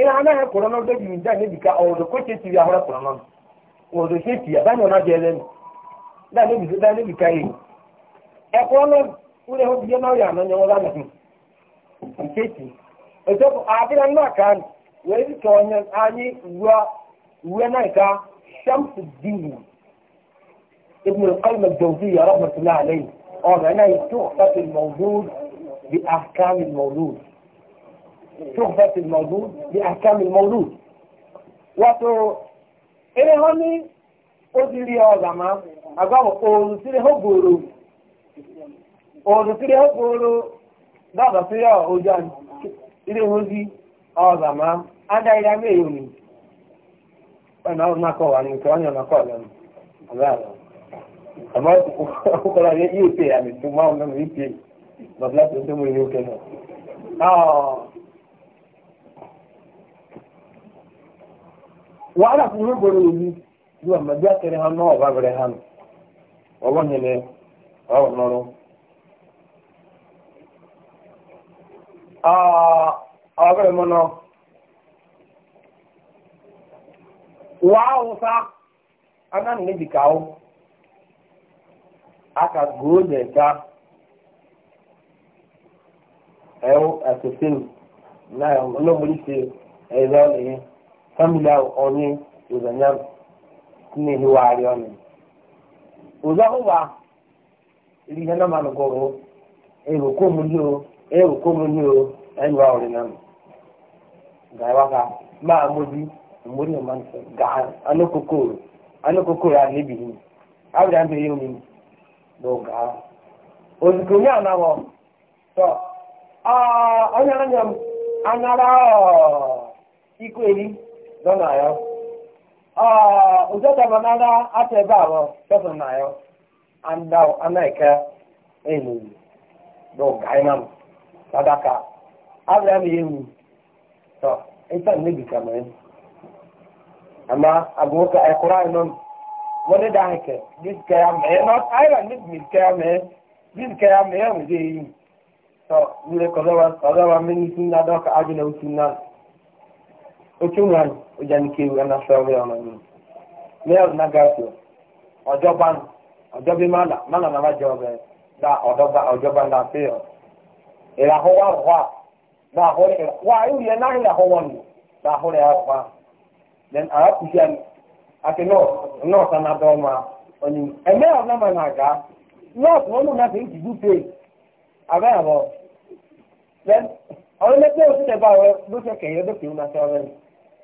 ila ana ya korona do ji da ne bika o do ko ce ti ya hora korona o do ce ti ya ba no na je len da ne bi da ne bika yi e ko no ure ho bi na ya na nyo da na ti ce ti e to ko abi na na kan we ti to nya ani wa we na ka shamsuddin ابن القيم الجوزية رحمة الله عليه قال أنا تحفة المولود بأحكام المولود شبهة الموجود بأحكام المولود wato ere ha ni ó ti rí ọjà máa agbábọ̀ oòrùn sílẹ̀ ó gbòòrò oòrùn sílẹ̀ ó gbòòrò dábàá sílẹ̀ ọjà ilé wọn sí ọjà máa ádá wàhálà fún mi gbọ́dọ̀ yìí yóò àmà akẹrẹ hàn náà ọba bẹrẹ hàn ọwọ́ yẹn lẹ ọwọ́ nọrọ. nọ, mọ́nà wàá wùsà anáni níbi aka gòó nẹ̀ta ẹ̀wọ̀ àtẹ̀sẹ̀ náà ọlọ́mọdé ṣe ẹ̀rọ famili ahụ onye ụzọ na-ehiwagharị ọnụ ụzọ ụwa ihe na mmanụ gụrụ erukomuni o erukomuni o ẹnuwa ọrẹ nanu gàwa ka máa mójú mórí ọmọ nìfẹ gàá anokoko anokoko rà níbi yìí abiri àmì tọ ọ anya m, ọ dọ́nà ayọ́ òjọ́ta banana atẹ̀bá àwọ̀ sọ́sọ̀ nà ayọ́ andáwọ̀ anáìkẹ́ èlò dọ̀ gáínàmù sadaka abraham yewu tọ́ ìtàn níbi kàmẹ́rin àmà àgbọ̀nkà ẹ̀kọ́rọ̀ àìnọ́m wọ́n dá ẹ̀kẹ́ bí kẹ́yà mẹ́ẹ́ náà àìrà níbi kẹ́yà mẹ́ẹ́ bí ya mẹ́ẹ́ ya yìí tọ́ nílẹ̀ kọ́lọ́wà kọ́lọ́wà mẹ́ni mmiri dọka, na ochunwan ojanikewu anasọrọ ọmọ mi mẹ́rin nagasi ọjọban ọjọbi mana mana nana jẹ ọbẹ da ọdọba ọjọban da fi ọ ìràhọwà rọwà then nọọsụ nọọsụ ọma onye ma e na-aga nọọsụ wọn nọ then ọrụ osisi ebe a wee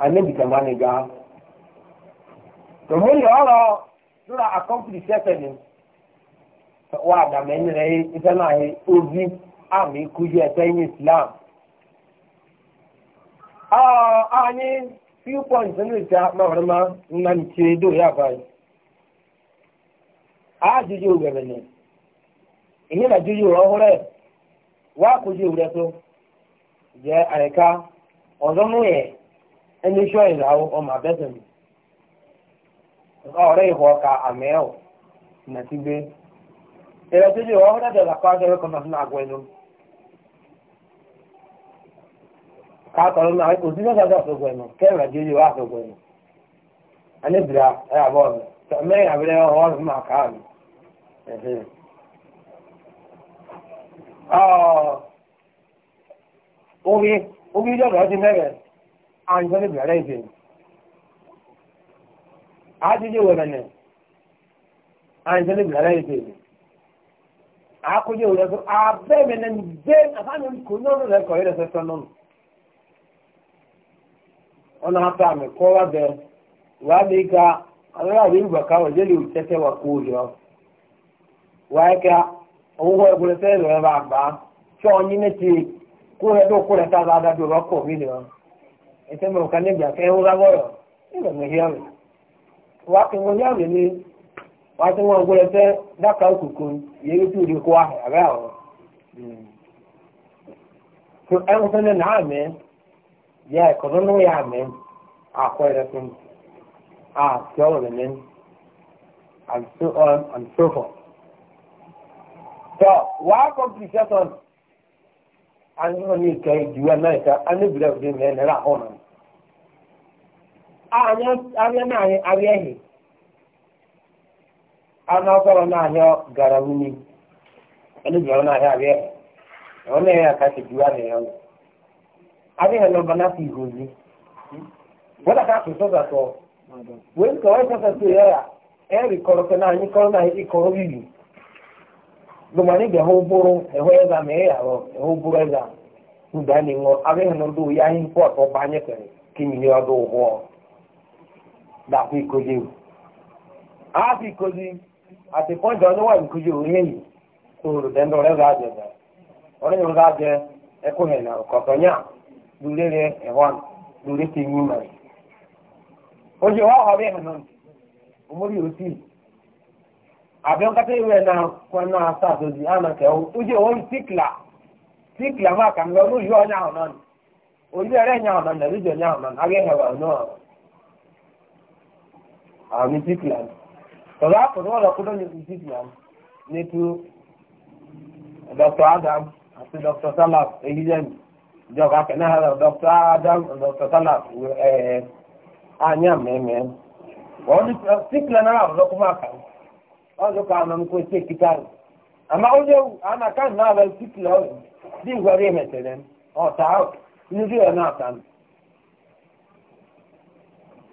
annabi kamani ga to mun yoro dura accomplish seven wa da men re ita na he ozi ami kuje eteyin islam ah few points nínú ìta mọ̀rọ̀mọ́ ńlá ní ti dò yá báyìí. Àájújú na ni, ìyẹn náà jújú ọ̀húnrẹ̀, wá kojú rẹ̀ tó, jẹ́ àyíká, ẹni iṣọ́ ìyàwó ọmọ abẹ́sẹ̀mù ọ̀rẹ́ ìwọ ọkà àmì ẹ̀wọ̀ nàti gbé ẹ̀rọ tó jẹ́ ọ̀hún ẹ̀dẹ̀ na akẹ́rẹ́ kan náà fún àgọ́ ẹnu káàkọ́rọ́ náà kò sí sọ́sọ́ àfẹ́gbọ́ ẹnu kẹ́rìnà jẹ́ ìwọ àfẹ́gbọ́ ẹnu anibira ẹ̀ àbọ̀ ọ̀nà mẹ́rin àbẹ̀rẹ̀ ọ̀hún fún àká mi ọ̀ọ́ omi omi jọ̀bọ̀ ọdún mẹ́rin and very variety. Ajụjụ nwere na and very variety. Akụjụ nwere so abe mene mbe afanụ nku n'ọnụ na ekọ ire sọsọ n'ọnụ. Ọ na-atọ amị kọwa bụ wee dị ka ọlụlụ abụ igwe ka ọ jeli uchete wa ka ụjọ. Wee ka ọgwụgwọ egwuregwu ebe a baa. Chọọ onye na-echi kwụrụ ebe ụkwụ reta ada adadoro ọkụ omi dị ọnụ. ẹ̀tẹ́ mọ̀ ká nígbà fẹ́ ń lábọ̀rọ̀ nígbà mọ̀ híà wá kí wọ́n híà ní wá tí wọ́n gbọ́dọ̀ fẹ́ dáka òkùnkù yẹ ẹ̀kọ́ nínú yà mẹ́ àkọ́ ẹ̀rẹ́ and so on and so forth. so wàá kọ́ pìṣẹ́ sọ̀rọ̀. an yi wani ka yi juwa na ita an yi bila kudin mai nira honan arịa ehi anụ ọsọrọ n'ahịa gara wunye ndị bịara n'ahịa arịa ehi ọ na-enye aka na ya ọnụ arịa ehi n'ọba n'afọ igozi bọ́dà ká tó sọ́dà sọ wọ́n kọ́ ẹ́ sọ́dà tó yẹ ẹ̀rì kọ́rọ́ kẹ́ náà ní kọ́rọ́ náà ní kọ́rọ́ bíbí lomani na hó bóró ẹ̀hó dàkú ìkọjẹ o a fi ìkọjẹ àti pọ́ǹtì ọdún wà ìkọjẹ òun yẹn yìí òòrò dẹ́ndọ̀ ọ̀rẹ́ rẹ̀ àjẹ bẹ́ẹ̀ ọ̀rẹ́ yẹn rẹ̀ ẹkọ yẹn náà kọ̀tọ̀ yẹn lórí rẹ̀ ẹ̀wọ̀n lórí ti yín mọ̀ ọ̀rẹ́ náà ìwé náà náà tíkìlà and music land tọ̀rọ àpọ̀tọ́ ọ̀rọ̀ kúrò ní music land ní Dr. Adam àti Dr. Salaf eyidẹ́mi ìjọba Dr. Adam Dr. Salaf ẹ̀ anya mẹ́mẹ́ wọ́n ní music land náà ọ̀rọ̀ kúmọ̀ àkàrà wọ́n ló kọ́ àwọn ọmọ ìkọ́ ìṣe kíkà rẹ̀ àmọ́ ó léwu àwọn àkàrà náà lọ music land bí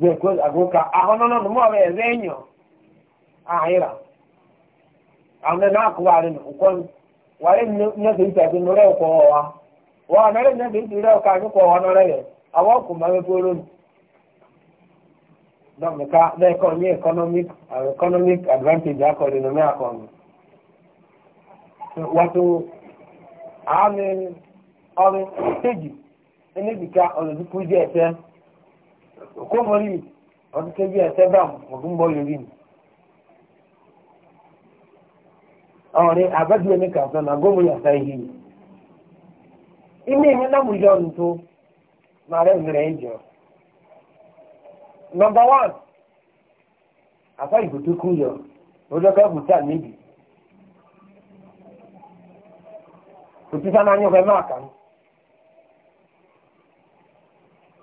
because agoka ahonono no mo be zenyo ahira amne na ku bare no na de ta de nore ko wa wa na na de de ro ka ko wa no re awo ku ma be poro no me ka de economic uh, economic advantage no me watu e ko mori ọdún kejì ẹsẹ bá ọdún bọ lórí mi àwọn ọ̀rẹ́ àbájú ẹni kà sọ náà gómìnà yàtọ̀ ihe yìí ilé ìwé náà mú yọ ọdún tó máa rẹ ìrẹ ẹ jọ nọ́mbà wán àfa ìbò tó kú yọ lọ́jọ́ ká bùtà níbi kò tí sáná yọ ọkọ ẹ máa kà ní.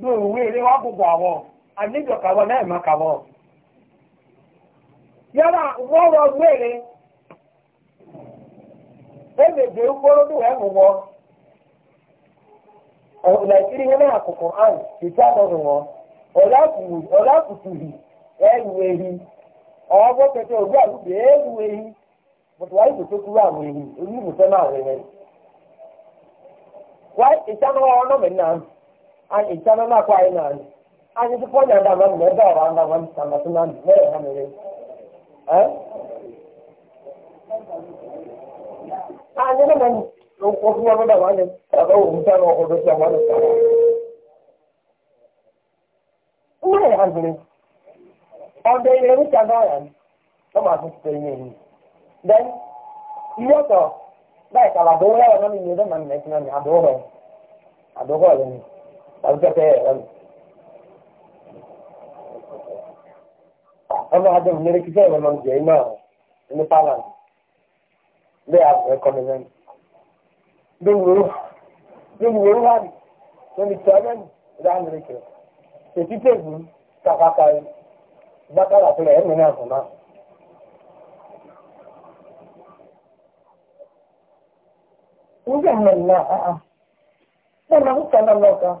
ní òwe eré wá gbogbo àwọ̀ àlejò kàwọ̀ náà má kàwọ̀. yálà wọ́n rọ wéèrè ebèbè gbólódù ẹ̀hùn wọ náà kòkò àn ìtí àlọ́run wọn ẹ̀rù ehi ọ̀ọ́gbọ́ pẹ̀tẹ́ òwú àlùbẹ̀ ẹ̀rù ehi bọ̀tù tó àwọn ehi wáyé ìtànà ọ̀nà náà. an itana na kwa na da man ne da ran da man san matu nan ne da ne ne eh an ne man ko ko kuma da man ne da ko mu ta ko do sa man ta ne an ne on de ne ni ta da yan to ma su te ne ni then iyo to dai kala do ya na ni ne na ni adoro أبكت أما هذا من الكتاب من جيما من طالان لا أبغى كمان دمرو دمرو هذا من الثمن ده عن الكتاب تكتب تفاقا بطلع في العلم هنا فما وجهنا الله أه لما قلت أنا الله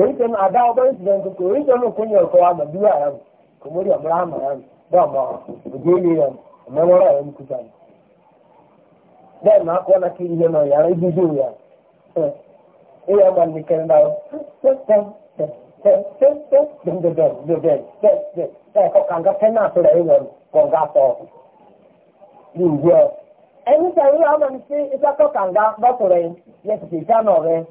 oríṣiríṣi àbá ọgbọ́n ìṣẹ̀lẹ̀ kòkò oríṣiríṣi òkúnyẹ ọkọ àmàdúrà yẹn kò mórí ọ̀mọ́ra àmà yẹn bẹ́ẹ̀ mọ òjò ilé yẹn ọ̀mọ́wọ́rọ̀ yẹn kú sáyẹn. bẹ́ẹ̀ máa kọ́ ọ́nà kí ihe náà yàrá ibi jù yà ẹ yà máa nìkẹ́ ẹ̀ náà ẹni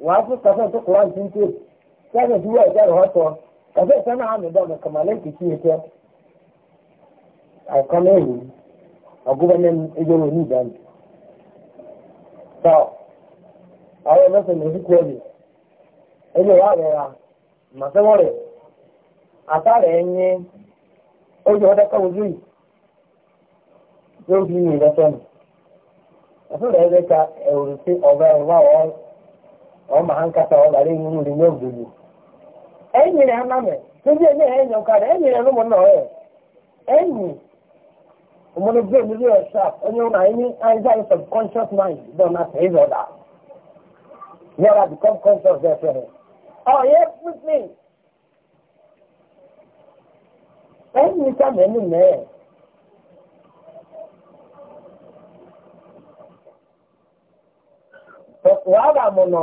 wàá fún kàfẹ́ tó kura ní tuntun sábẹ̀ tí wọ́n ẹ̀ka rẹ̀ ọ̀tọ̀ kàfẹ́ sẹ́nà àmì dọ́ọ̀nù kàmálẹ́ kìkì ẹ̀kẹ́ àìkọ́ mẹ́rin ọ̀gọ́bẹ̀nẹ́ ẹjọ́ wọn ní ìdáni. tọ́ àwọn kúrò ní rẹ̀ ra rẹ̀ ojú yìí yóò fi rẹ̀ ka ẹ̀rù sí ọ̀gá ẹ̀rù ọma ha nkata ọ gara enyi nri nye obodo enyere ha na ndị enye ha enyo nkara enyere na ụmụnna ọya enyi ụmụnna bụ emiri ọsha onye ụlọ anyị anyị anyị subconscious mind bụ na ta ịzọ da yara become conscious dị e efere ọ ya ekwusi enyi ka ma enyi mee wàhálà nọ.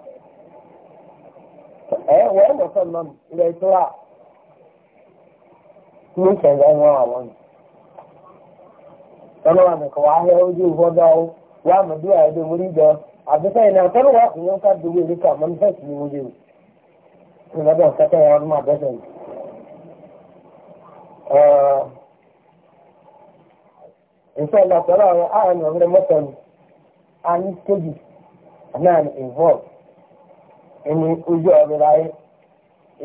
ẹ̀wọ̀n ẹ̀mọ̀sán náà ilẹ̀ ìtura ní ìṣẹ̀lẹ̀ ẹ̀wọ̀n àwọn ni. Tọ́lọ́wà nìkan wà á hẹ́ ojú ìfọ́dá o, wà á mọ̀dúrà ẹ̀dẹ̀ mórí jọ. Àbísẹ́ ìnáwó tọ́lọ́wà kò yẹn ká dùgbò ìlú kan mọ́ní fẹ́ẹ̀sì ni wọ́n lé o. Ìrọ̀dọ̀ kẹ́kẹ́ wọn máa bẹ́sẹ̀ ni. ni, a ní náà ẹni ojú ọ̀rẹ́ ráyé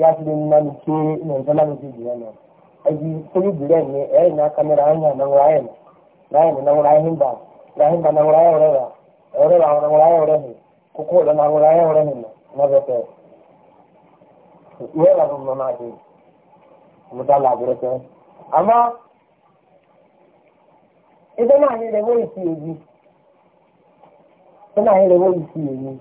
yàtúndé nínú ní ké nàìjíríà ní ti jìnnà náà ẹbí tóbi na ya ẹ̀rì náà kámẹ́rà ẹ̀yìn na ráyè nù ráyè nù náwó ráyè hìmbà ráyè bà náwó ráyè ọ̀rẹ́ rà ọ̀rẹ́ na ọ̀rẹ́ hì kókó ọ̀rẹ́ náwó ráyè ọ̀rẹ́ hì nà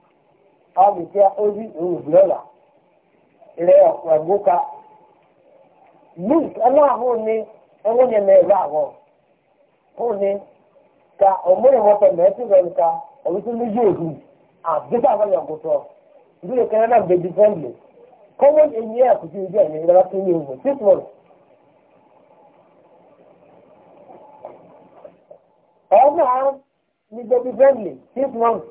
abùkẹ́ orí òwúrọ̀lá rẹ ọ̀pọ̀ ẹ̀gbọ́ka luke aláhùn ni ẹwọ́n yẹn mẹ́rin àwọn òun ni ka ọmọrin wọn fẹ́ mẹ́tì rẹ̀ nìka ọ̀rọ̀ tó ní yóò hu àbíkà àwọn yàn kò tọ̀ ìdílé kẹrẹ náà bẹ dìfẹ́ǹdì kọ́mọ́n èyí ẹ̀ kò sí ojú ẹ̀ ní ìrẹ́lá tó ní ewu six months. ọ̀nà nígbà dìfẹ́ǹdì six months.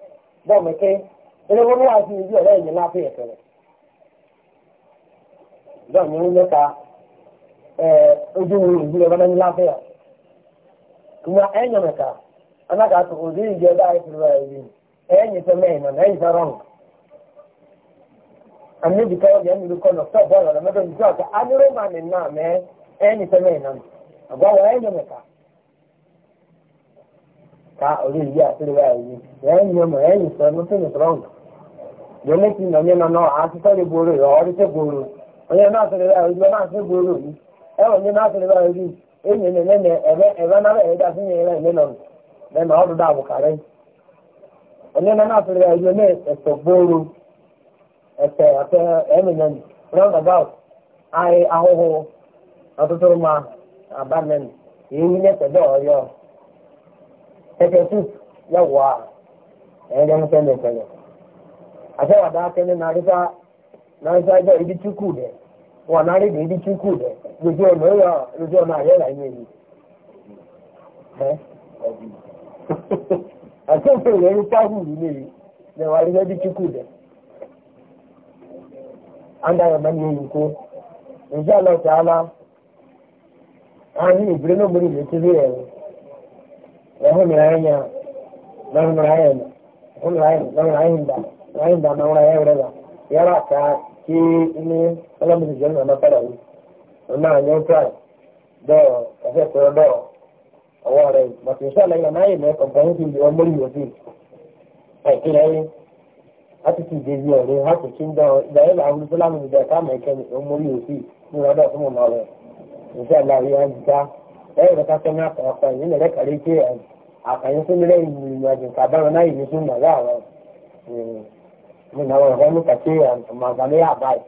bọ́ọ̀ mi pé eléwó ló sí ibi ọ̀rẹ́ ìyẹn máa ka ẹ̀sẹ̀ mi ń lẹ́ka ojú wo ìlú ẹ̀rọ náà ní ẹ̀. kùmà ẹ̀yàn mẹ́ta alákàtọ̀ òdì ìjọ ẹ̀yìn fẹ́ mẹ́yìn náà ẹ̀yìn fẹ́ rọrùn. àmì mi ló kọ́ ka orí ìyá a, wa yìí ẹ̀yìn ọmọ ẹ̀yìn sọ ẹnu tó nìkan ọ̀hún. Yẹ́nì ti nà ní nànà àtúntọ́lẹ̀ gbòòrò rẹ̀ ọ̀rí tẹ̀ gbòòrò. Onye náà sọ̀rọ̀ wa yìí náà sọ̀rọ̀ gbòòrò yìí. Ẹ̀wọ̀n ní náà enyi Onye round about ahụhụ ọtụtụ ụmụ pepper soup yawwa ɛyɛ dɛ mutɛnɛ tɛnɛ asɛ wa daa tɛnɛ naare sa naare sa ɛdɛ ibi tsuku dɛ wa naare de ibi tsuku dɛ lójú ɔnà ɛyà lójú ɔnà ayɛ la yɛ yi ɛ asɛ fɛ yɛ ɛyɛ pahu yi lɛ yi lɛ wa ɛyɛ ibi tsuku dɛ anda yɛ mɛni yɛ yi ko inshallah taala anyi ibire n'omori yɛ ti fi yɛ yi. மகனுடைய மகனுடைய மகனுடைய மகனாயிருந்தா நாயிருந்தா மகனாய விடல ஏவாக்கா கீ இன்னும் விளம்பரம் செய்யணும் நம்ம படம் ஒன்னா யோசிச்சார் தோ கசே தோ அவாடை மற்ற விஷயம் இல்லை நாய் மேற்கொண்டு பகுதி ஒம்பது ஒட்டி கிளை àtúntì ìdèbí ọ̀rẹ́ láti ṣe ń dán ìdáyé làwọn olùsọ́lámù ìdá káàmù ìkẹ́ni ọmọlú òsì ní ọdọ̀ fún ọmọ rẹ̀ ìṣẹ́ àlàyé àjíká ẹ̀rọ kásán ní àpàpà ìyẹn lẹ́kàrí jẹ́ àjíká àkàyìn tó lé ìrìnàjò kàbáwọn náà ìlú tó mọ̀ láàárọ̀ ìrìn. Mo náà wọ̀ ẹ̀rọ mú kàtí àmàgbà ní àbáyé.